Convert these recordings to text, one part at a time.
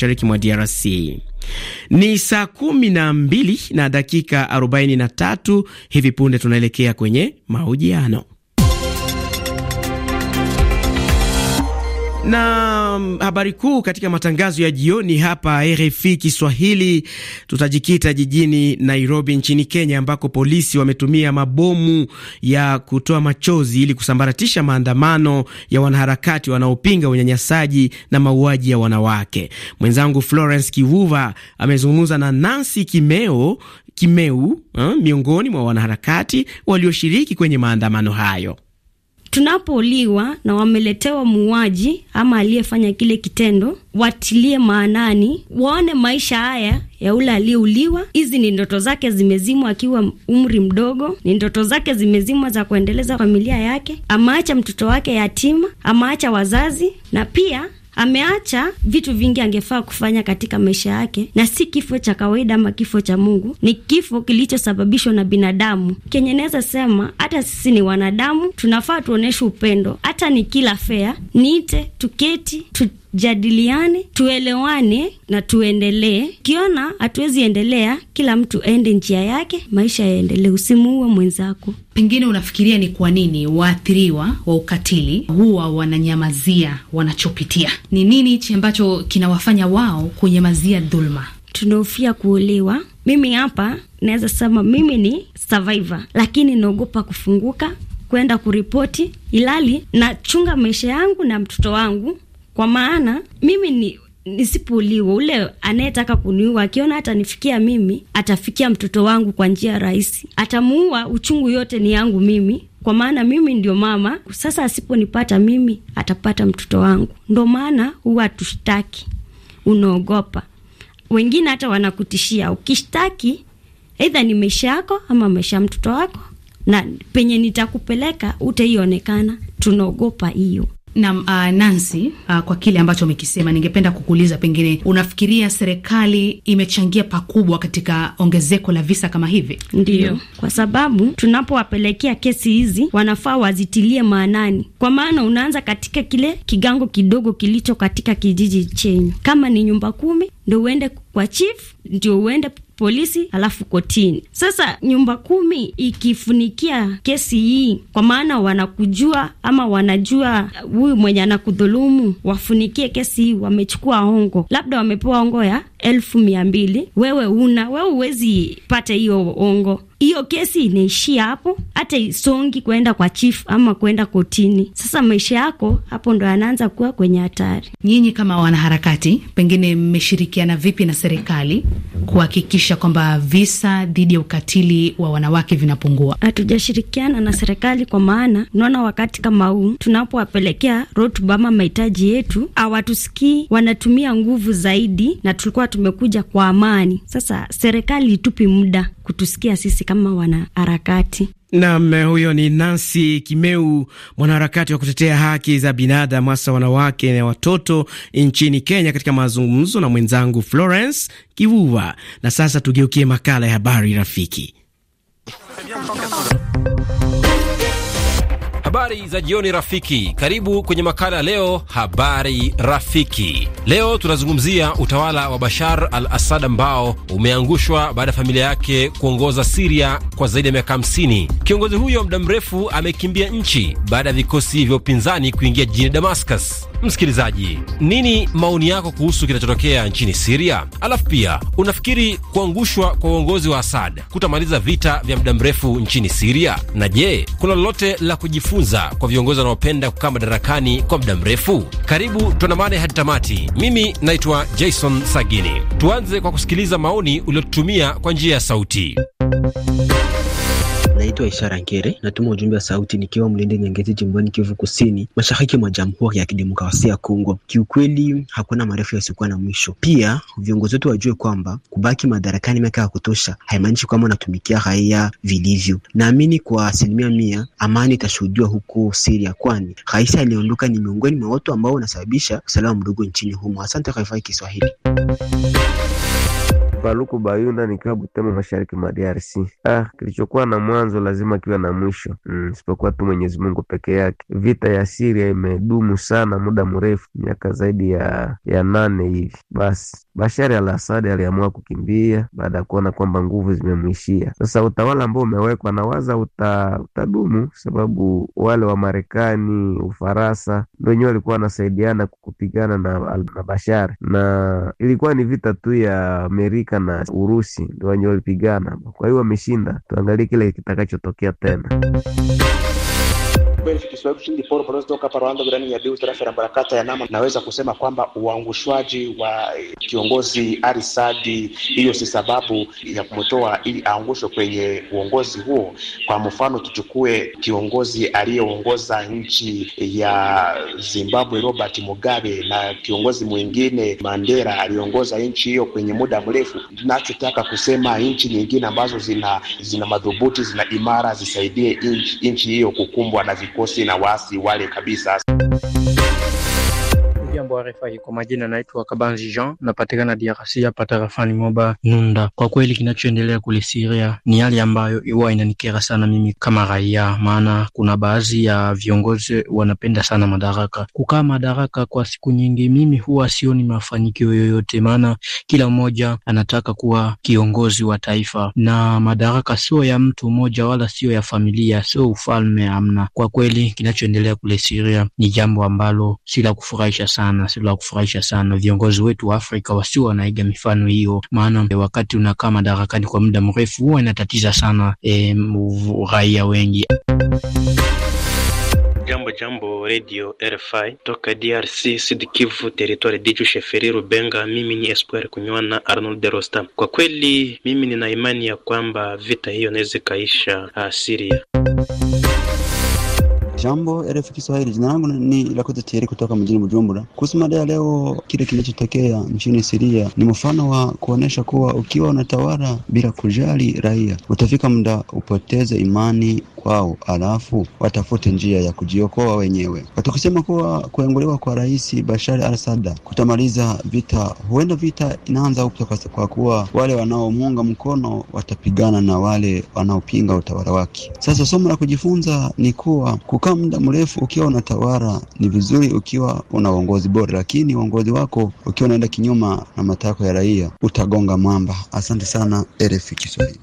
mashariki mwa DRC. Ni saa kumi na mbili na dakika arobaini na tatu. Hivi punde tunaelekea kwenye mahojiano. Na mm, habari kuu katika matangazo ya jioni hapa RFI Kiswahili, tutajikita jijini Nairobi nchini Kenya, ambako polisi wametumia mabomu ya kutoa machozi ili kusambaratisha maandamano ya wanaharakati wanaopinga unyanyasaji na mauaji ya wanawake. Mwenzangu Florence Kivuva amezungumza na Nancy Kimeo Kimeu, eh, miongoni mwa wanaharakati walioshiriki kwenye maandamano hayo tunapoliwa na wameletewa muuaji ama aliyefanya kile kitendo, watilie maanani, waone maisha haya ya ule aliyeuliwa. Hizi ni ndoto zake zimezimwa akiwa umri mdogo, ni ndoto zake zimezimwa za kuendeleza familia yake, amaacha mtoto wake yatima, amaacha wazazi na pia Ameacha vitu vingi angefaa kufanya katika maisha yake, na si kifo cha kawaida ama kifo cha Mungu, ni kifo kilichosababishwa na binadamu. Kenye naweza sema hata sisi ni wanadamu, tunafaa tuoneshe upendo, hata ni kila fea niite tuketi tu jadiliane, tuelewane na tuendelee. Ukiona hatuwezi endelea, kila mtu aende njia yake, maisha yaendelee, usimuue mwenzako. Pengine unafikiria ni kwa nini waathiriwa wa ukatili huwa wananyamazia wanachopitia? Ni nini hichi ambacho kinawafanya wao kunyamazia dhuluma? Tunahofia kuuliwa Mimi hapa naweza sema mimi ni survivor, lakini naogopa kufunguka kwenda kuripoti, ilali nachunga maisha yangu na mtoto wangu kwa maana mimi ni nisipuliwa ule anayetaka kuniua akiona hata nifikia mimi, atafikia mtoto wangu kwa njia rahisi, atamuua. Uchungu yote ni yangu mimi, kwa maana mimi ndio mama. Sasa asiponipata mimi, atapata mtoto wangu. Ndo maana huwa tushtaki, unaogopa. Wengine hata wanakutishia ukishtaki, aidha ni maisha yako ama maisha ya mtoto wako, na penye nitakupeleka utaionekana. Tunaogopa hiyo na uh, Nancy, uh, kwa kile ambacho umekisema, ningependa kukuuliza pengine unafikiria serikali imechangia pakubwa katika ongezeko la visa kama hivi? ndio kwa sababu tunapowapelekea kesi hizi wanafaa wazitilie maanani, kwa maana unaanza katika kile kigango kidogo kilicho katika kijiji chenyu. Kama ni nyumba kumi, ndo uende kwa chief, ndio uende polisi, alafu kotini. Sasa nyumba kumi ikifunikia kesi hii, kwa maana wanakujua ama wanajua huyu mwenye anakudhulumu, wafunikie kesi hii, wamechukua ongo labda wamepewa ongo ya elfu mia mbili. Wewe una wewe, huwezi pata hiyo ongo hiyo kesi inaishia hapo, hata isongi kwenda kwa chifu ama kwenda kotini. Sasa maisha yako hapo ndo yanaanza kuwa kwenye hatari. Nyinyi kama wanaharakati, pengine mmeshirikiana vipi na serikali kuhakikisha kwamba visa dhidi ya ukatili wa wanawake vinapungua? Hatujashirikiana na serikali kwa maana, unaona wakati kama huu tunapowapelekea rotubama mahitaji yetu hawatusikii, wanatumia nguvu zaidi, na tulikuwa tumekuja kwa amani. Sasa serikali itupi muda kutusikia sisi kama wanaharakati. Nam, huyo ni Nancy Kimeu, mwanaharakati wa kutetea haki za binadamu hasa wanawake na watoto nchini Kenya, katika mazungumzo na mwenzangu Florence Kivuva. Na sasa tugeukie makala ya habari rafiki Habari za jioni rafiki, karibu kwenye makala leo habari rafiki. Leo tunazungumzia utawala wa Bashar al Assad ambao umeangushwa baada ya familia yake kuongoza Siria kwa zaidi ya miaka 50. Kiongozi huyo muda mrefu amekimbia nchi baada ya vikosi vya upinzani kuingia jijini Damascus. Msikilizaji, nini maoni yako kuhusu kinachotokea nchini Siria? Alafu pia unafikiri kuangushwa kwa uongozi wa Asad kutamaliza vita vya muda mrefu nchini Siria? Na je, kuna lolote la kujifunza kwa viongozi wanaopenda kukaa madarakani kwa muda mrefu? Karibu tuandamane hadi tamati. Mimi naitwa Jason Sagini. Tuanze kwa kusikiliza maoni uliotutumia kwa njia ya sauti. Naitwa Ishara ngere natuma ujumbe wa sauti nikiwa mlinde Nyangezi, jimboni Kivu Kusini, mashariki mwa Jamhuri ya Kidemokrasia ya Kongo. Kiukweli hakuna marefu yasiokuwa na mwisho. Pia viongozi wetu wajue kwamba kubaki madarakani miaka ya kutosha haimaanishi kwamba unatumikia raia vilivyo. Naamini kwa asilimia mia amani itashuhudiwa huko Siria, kwani rais aliondoka ni miongoni mwa watu ambao wanasababisha usalama mdogo nchini humo. Asante RFI Kiswahili. Paluku Bayunda nikiwa Butembo, mashariki mwa DRC. Ah, kilichokuwa na mwanzo lazima kiwe na mwisho, mm, isipokuwa mm, tu Mwenyezi Mungu peke yake. Vita ya Syria imedumu sana muda mrefu, miaka zaidi ya ya nane hivi. Basi Bashari al-Assad aliamua kukimbia baada ya kuona kwamba nguvu zimemwishia. Sasa utawala ambao umewekwa nawaza uta, utadumu sababu wale wa Marekani, Ufaransa ndio wenyewe walikuwa wanasaidiana kupigana na, na Bashari na ilikuwa ni vita tu ya Amerika Amerika na Urusi ndio wenye walipigana. Kwa hiyo wameshinda, tuangalie kile kitakachotokea tena kweli kiswahili poro toka parwando wilani ya Biu tarafa la Barakata ya Nama, naweza kusema kwamba uangushwaji wa eh, kiongozi Ali Sadi hiyo si sababu ya kumtoa ili aangushwe kwenye uongozi huo. Kwa mfano, tuchukue kiongozi aliyeongoza nchi ya Zimbabwe Robert Mugabe na kiongozi mwingine Mandela aliongoza nchi hiyo kwenye muda mrefu. Tunachotaka kusema nchi nyingine ambazo zina zina madhubuti zina imara zisaidie nchi hiyo kukumbwa na vitu kikosi na waasi wale kabisa. Jambo RFI, kwa majina naitwa Kabanzi Jean, napatikana DRC hapa tarafani Moba Nunda. Kwa kweli kinachoendelea kule Syria ni hali ambayo huwa inanikera sana mimi kama raia, maana kuna baadhi ya viongozi wanapenda sana madaraka, kukaa madaraka kwa siku nyingi. Mimi huwa sioni mafanikio yoyote, maana kila mmoja anataka kuwa kiongozi wa taifa, na madaraka sio ya mtu mmoja wala sio ya familia, sio ufalme, amna. Kwa kweli kinachoendelea kule Syria ni jambo ambalo si la kufurahisha sana sana, la kufurahisha sana. Viongozi wetu wa Afrika wasio wanaiga mifano hiyo, maana wakati unakaa madarakani kwa muda mrefu huwa inatatiza sana e, raia wengi. Jambo jambo, Radio RFI toka DRC Sud Kivu territoire diju sheferi Rubenga. Mimi ni Espoir Kunywana Arnold de Rosta. Kwa kweli mimi nina imani ya kwamba vita hiyo inaweza ikaisha ah, Siria. Jambo RFI Kiswahili, jina langu ni la Tayari kutoka mjini Bujumbura. Kuhusu mada ya leo, kile kinachotokea nchini Siria ni mfano wa kuonyesha kuwa ukiwa unatawala bila kujali raia, utafika muda upoteze imani kwao, alafu watafute njia ya kujiokoa wenyewe. Tukisema kuwa kuenguliwa kwa Rais Bashar al-Assad kutamaliza vita, huenda vita inaanza upya, kwa kuwa wale wanaomuunga mkono watapigana na wale wanaopinga utawala wake. Sasa somo la kujifunza ni kuwa kukaa muda mrefu ukiwa unatawala ni vizuri, ukiwa una uongozi bora, lakini uongozi wako ukiwa unaenda kinyuma na matakwa ya raia utagonga mwamba. Asante sana RFI Kiswahili.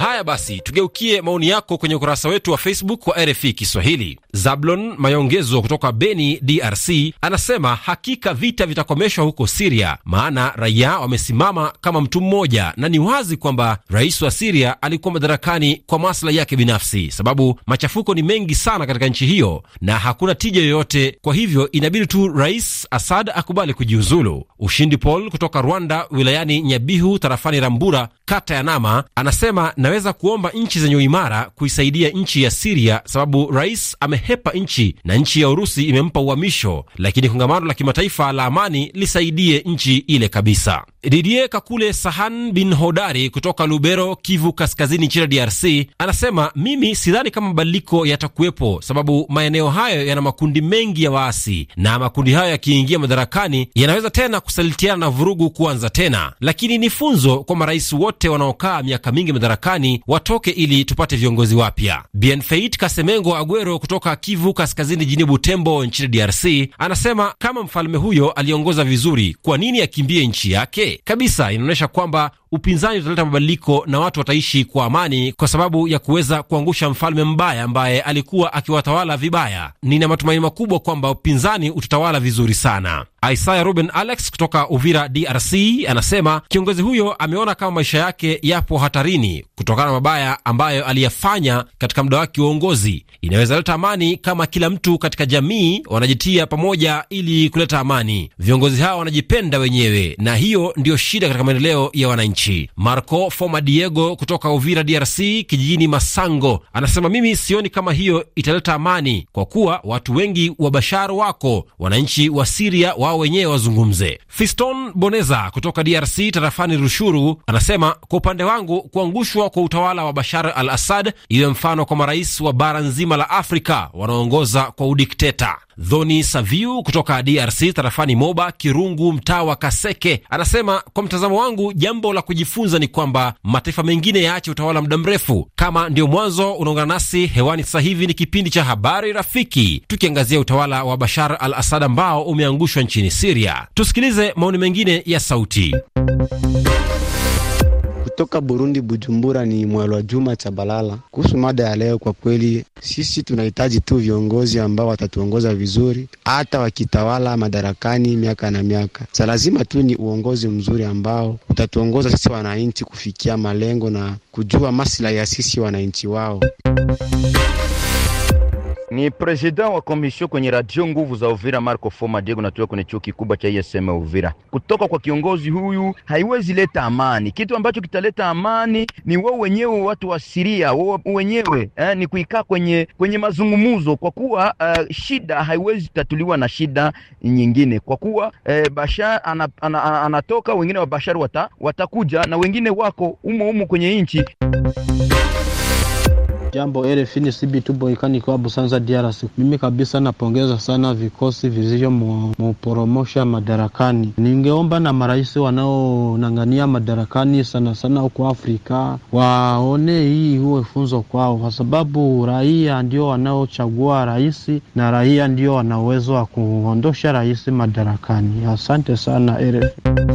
Haya basi, tugeukie maoni yako kwenye ukurasa wetu wa Facebook wa RFI Kiswahili. Zablon Mayongezo kutoka Beni, DRC, anasema hakika vita vitakomeshwa huko Siria, maana raia wamesimama kama mtu mmoja, na ni wazi kwamba rais wa Siria alikuwa madarakani kwa maslahi yake binafsi, sababu machafuko ni mengi sana katika nchi hiyo na hakuna tija yoyote. Kwa hivyo inabidi tu rais Asad akubali kujiuzulu. Ushindi Paul kutoka Rwanda, wilayani Nyabihu, tarafani Rambura, kata ya Nama, anasema naweza kuomba nchi zenye uimara kuisaidia nchi ya Siria sababu rais ame amehepa nchi na nchi ya Urusi imempa uhamisho, lakini kongamano la kimataifa la amani lisaidie nchi ile kabisa. Didier Kakule Sahan bin Hodari kutoka Lubero, Kivu Kaskazini nchini DRC anasema, mimi sidhani kama mabadiliko yatakuwepo, sababu maeneo hayo yana makundi mengi ya waasi, na makundi hayo yakiingia madarakani yanaweza tena kusalitiana na vurugu kuanza tena. Lakini ni funzo kwa marais wote wanaokaa miaka mingi madarakani, watoke ili tupate viongozi wapya. Bienfait Kasemengo Agwero kutoka kutoka Kivu Kaskazini jijini Butembo nchini DRC anasema kama mfalme huyo aliongoza vizuri, kwa nini akimbie nchi yake? Kabisa inaonyesha kwamba upinzani utaleta mabadiliko na watu wataishi kwa amani, kwa sababu ya kuweza kuangusha mfalme mbaya ambaye alikuwa akiwatawala vibaya. Nina matumaini makubwa kwamba upinzani utatawala vizuri sana. Isaya Ruben Alex kutoka Uvira, DRC, anasema kiongozi huyo ameona kama maisha yake yapo hatarini kutokana na mabaya ambayo aliyafanya katika muda wake wa uongozi. Inaweza leta amani kama kila mtu katika jamii wanajitia pamoja ili kuleta amani. Viongozi hawo wanajipenda wenyewe, na hiyo ndiyo shida katika maendeleo ya wananchi nchi. Marco Foma Diego kutoka Uvira, DRC, kijijini Masango, anasema mimi sioni kama hiyo italeta amani, kwa kuwa watu wengi wa Bashar wako wananchi wa Siria, wao wenyewe wazungumze. Fiston Boneza kutoka DRC, tarafani Rushuru, anasema kwa upande wangu, kuangushwa kwa utawala wa Bashar al Assad iwe mfano kwa marais wa bara nzima la Afrika wanaoongoza kwa udikteta. Dhoni Saviu kutoka DRC tarafani Moba Kirungu, mtaa wa Kaseke, anasema kwa mtazamo wangu, jambo la kujifunza ni kwamba mataifa mengine yaache utawala muda mrefu. Kama ndiyo mwanzo unaungana nasi hewani sasa hivi, ni kipindi cha Habari Rafiki tukiangazia utawala wa Bashar al Asad ambao umeangushwa nchini Siria. Tusikilize maoni mengine ya sauti kutoka Burundi, Bujumbura ni Mwalwa Juma Chabalala. Kuhusu mada ya leo, kwa kweli sisi tunahitaji tu viongozi ambao watatuongoza vizuri, hata wakitawala madarakani miaka na miaka. Sa lazima tu ni uongozi mzuri ambao utatuongoza sisi wananchi kufikia malengo na kujua maslahi ya sisi wananchi wao. Ni president wa komisio kwenye radio nguvu za Uvira, Marco Foma Diego, natoka kwenye chuo kikubwa cha ISM e Uvira. Kutoka kwa kiongozi huyu haiwezi leta amani. Kitu ambacho kitaleta amani ni wao wenyewe watu wa Siria wao wenyewe eh, ni kuikaa kwenye kwenye mazungumuzo, kwa kuwa uh, shida haiwezi tatuliwa na shida nyingine, kwa kuwa eh, Bashar anatoka ana, ana, ana, ana wengine wa Bashar wata, watakuja na wengine wako umo umo kwenye nchi Jambo RFI tubo ikani kwa Busanza DRC. Mimi kabisa napongeza sana vikosi vilivyo muporomosha madarakani. Ningeomba na marais wanaonang'ania madarakani sana sana huko Afrika waone hii huwe funzo kwao, kwa sababu raia ndio wanaochagua rais na raia ndio wana uwezo wa kuondosha rais madarakani. Asante sana RFI.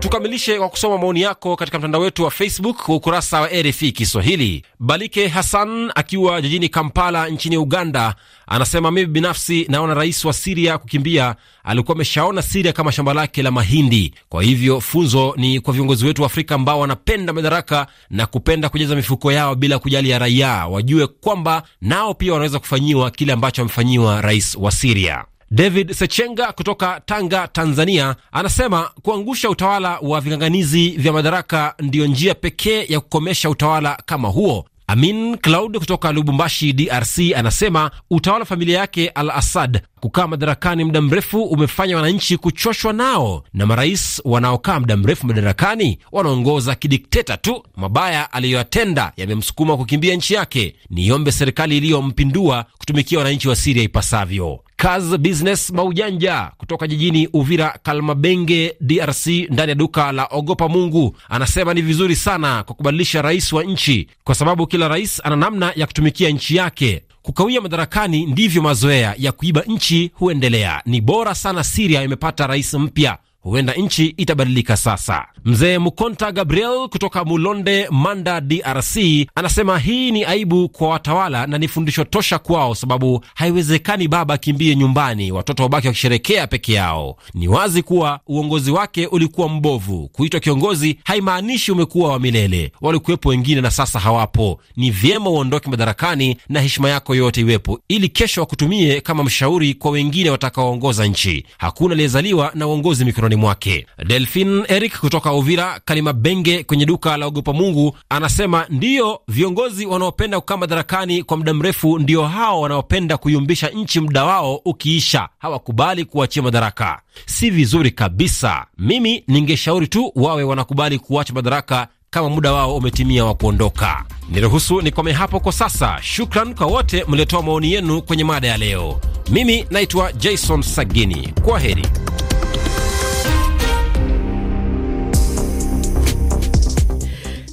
Tukamilishe kwa kusoma maoni yako katika mtandao wetu wa Facebook wa ukurasa wa RFI Kiswahili. Balike Hassan akiwa jijini Kampala nchini Uganda anasema mimi binafsi naona rais wa Siria kukimbia alikuwa ameshaona Siria kama shamba lake la mahindi. Kwa hivyo funzo ni kwa viongozi wetu wa Afrika ambao wanapenda madaraka na kupenda kujaza mifuko yao bila kujali ya raia, wajue kwamba nao pia wanaweza kufanyiwa kile ambacho amefanyiwa rais wa Siria. David Sechenga kutoka Tanga, Tanzania, anasema kuangusha utawala wa ving'ang'anizi vya madaraka ndiyo njia pekee ya kukomesha utawala kama huo. Amin claud kutoka Lubumbashi, DRC, anasema utawala wa familia yake Al Assad kukaa madarakani muda mrefu umefanya wananchi kuchoshwa nao, na marais wanaokaa muda mrefu madarakani wanaongoza kidikteta tu. Mabaya aliyoyatenda yamemsukuma kukimbia nchi yake. Niombe serikali iliyompindua kutumikia wananchi wa Siria ipasavyo. Kazi Business Maujanja kutoka jijini Uvira Kalmabenge, DRC, ndani ya duka la Ogopa Mungu anasema ni vizuri sana kwa kubadilisha rais wa nchi, kwa sababu kila rais ana namna ya kutumikia nchi yake. Kukawia madarakani ndivyo mazoea ya kuiba nchi huendelea. Ni bora sana Siria imepata rais mpya huenda nchi itabadilika sasa. Mzee Mukonta Gabriel kutoka Mulonde, Manda, DRC, anasema hii ni aibu kwa watawala na ni fundisho tosha kwao, sababu haiwezekani baba akimbie nyumbani, watoto wabaki wakisherekea peke yao. Ni wazi kuwa uongozi wake ulikuwa mbovu. Kuitwa kiongozi haimaanishi umekuwa wa milele. Walikuwepo wengine na sasa hawapo. Ni vyema uondoke madarakani na heshima yako yote iwepo, ili kesho wakutumie kama mshauri kwa wengine watakaoongoza nchi. Hakuna aliyezaliwa na uongozi mikononi mikononi mwake. Delphin Eric kutoka Uvira Kalimabenge kwenye duka la ogopa Mungu anasema ndiyo, viongozi wanaopenda kukaa madarakani kwa muda mrefu ndio hao wanaopenda kuyumbisha nchi, muda wao ukiisha hawakubali kuachia madaraka. Si vizuri kabisa. Mimi ningeshauri tu wawe wanakubali kuacha madaraka kama muda wao umetimia wa kuondoka. Niruhusu nikome hapo kwa sasa. Shukran kwa wote mliotoa maoni yenu kwenye mada ya leo. Mimi naitwa Jason Sagini, kwa heri.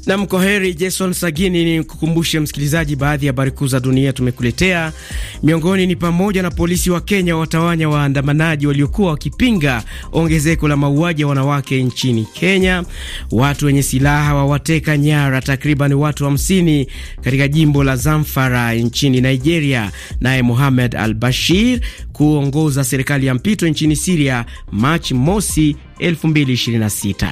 Nam, kwa heri Jason Sagini. Ni kukumbushe msikilizaji baadhi ya habari kuu za dunia tumekuletea. Miongoni ni pamoja na polisi wa Kenya watawanya waandamanaji waliokuwa wakipinga ongezeko la mauaji ya wanawake nchini Kenya. Watu wenye silaha wawateka nyara takriban watu 50 wa katika jimbo la Zamfara nchini Nigeria. Naye Mohamed Al Bashir kuongoza serikali ya mpito nchini Siria Machi mosi 2026.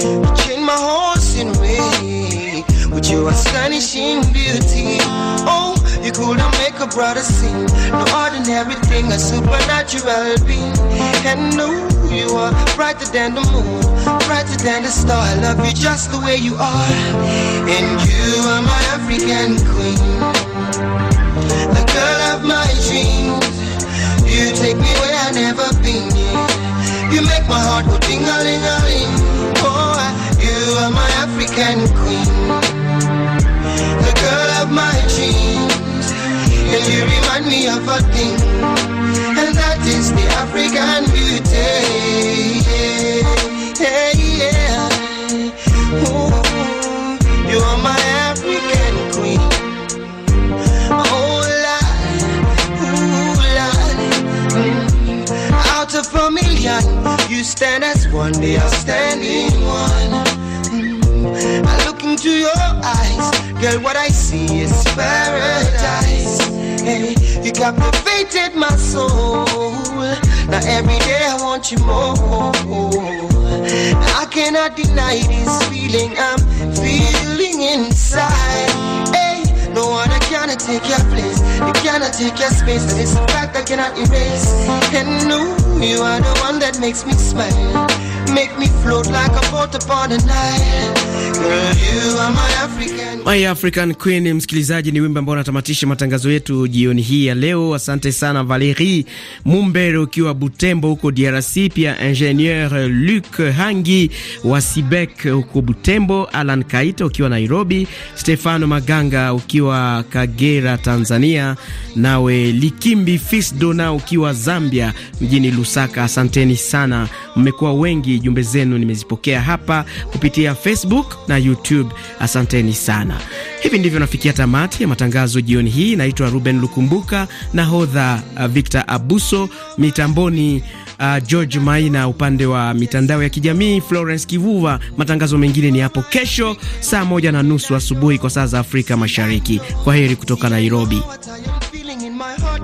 Change my horse in way with your astonishing beauty. Oh, you could not make a brother sing. No ordinary thing, a supernatural being. And no, you are brighter than the moon, brighter than the star. I love you just the way you are. And you are my African queen, the girl of my dreams. You take me where I've never been. You make my heart go ding a ling a ling are my African queen, the girl of my dreams. And you remind me of a thing, and that is the African beauty. Yeah, yeah. Ooh, you are my African queen. Oh, Lord, ooh, Lord. Mm. Out of a million, you stand as one day of standing. Girl, what I see is paradise. Hey, you captivated my soul. Now every day I want you more. I cannot deny this feeling I'm feeling inside. Hey, no one I cannot take your place. You cannot take your space. And it's a fact I cannot erase. And no, you are the one that makes me smile. My African Queen, msikilizaji, ni wimbo ambao unatamatisha matangazo yetu jioni hii ya leo. Asante sana Valerie Mumbere ukiwa Butembo huko DRC, pia Ingenieur Luc Hangi wa Sibek huko Butembo, Alan Kaito ukiwa Nairobi, Stefano Maganga ukiwa Kagera Tanzania, nawe Likimbi Fisdona ukiwa Zambia mjini Lusaka. Asanteni sana, mmekuwa wengi jumbe zenu nimezipokea hapa kupitia Facebook na YouTube. Asanteni sana. Hivi ndivyo nafikia tamati ya matangazo jioni hii. Naitwa Ruben Lukumbuka, nahodha uh, Victor Abuso, mitamboni Uh, George Maina, upande wa mitandao ya kijamii Florence Kivuva. Matangazo mengine ni hapo kesho saa moja na nusu asubuhi kwa saa za Afrika Mashariki. Kwa heri kutoka Nairobi.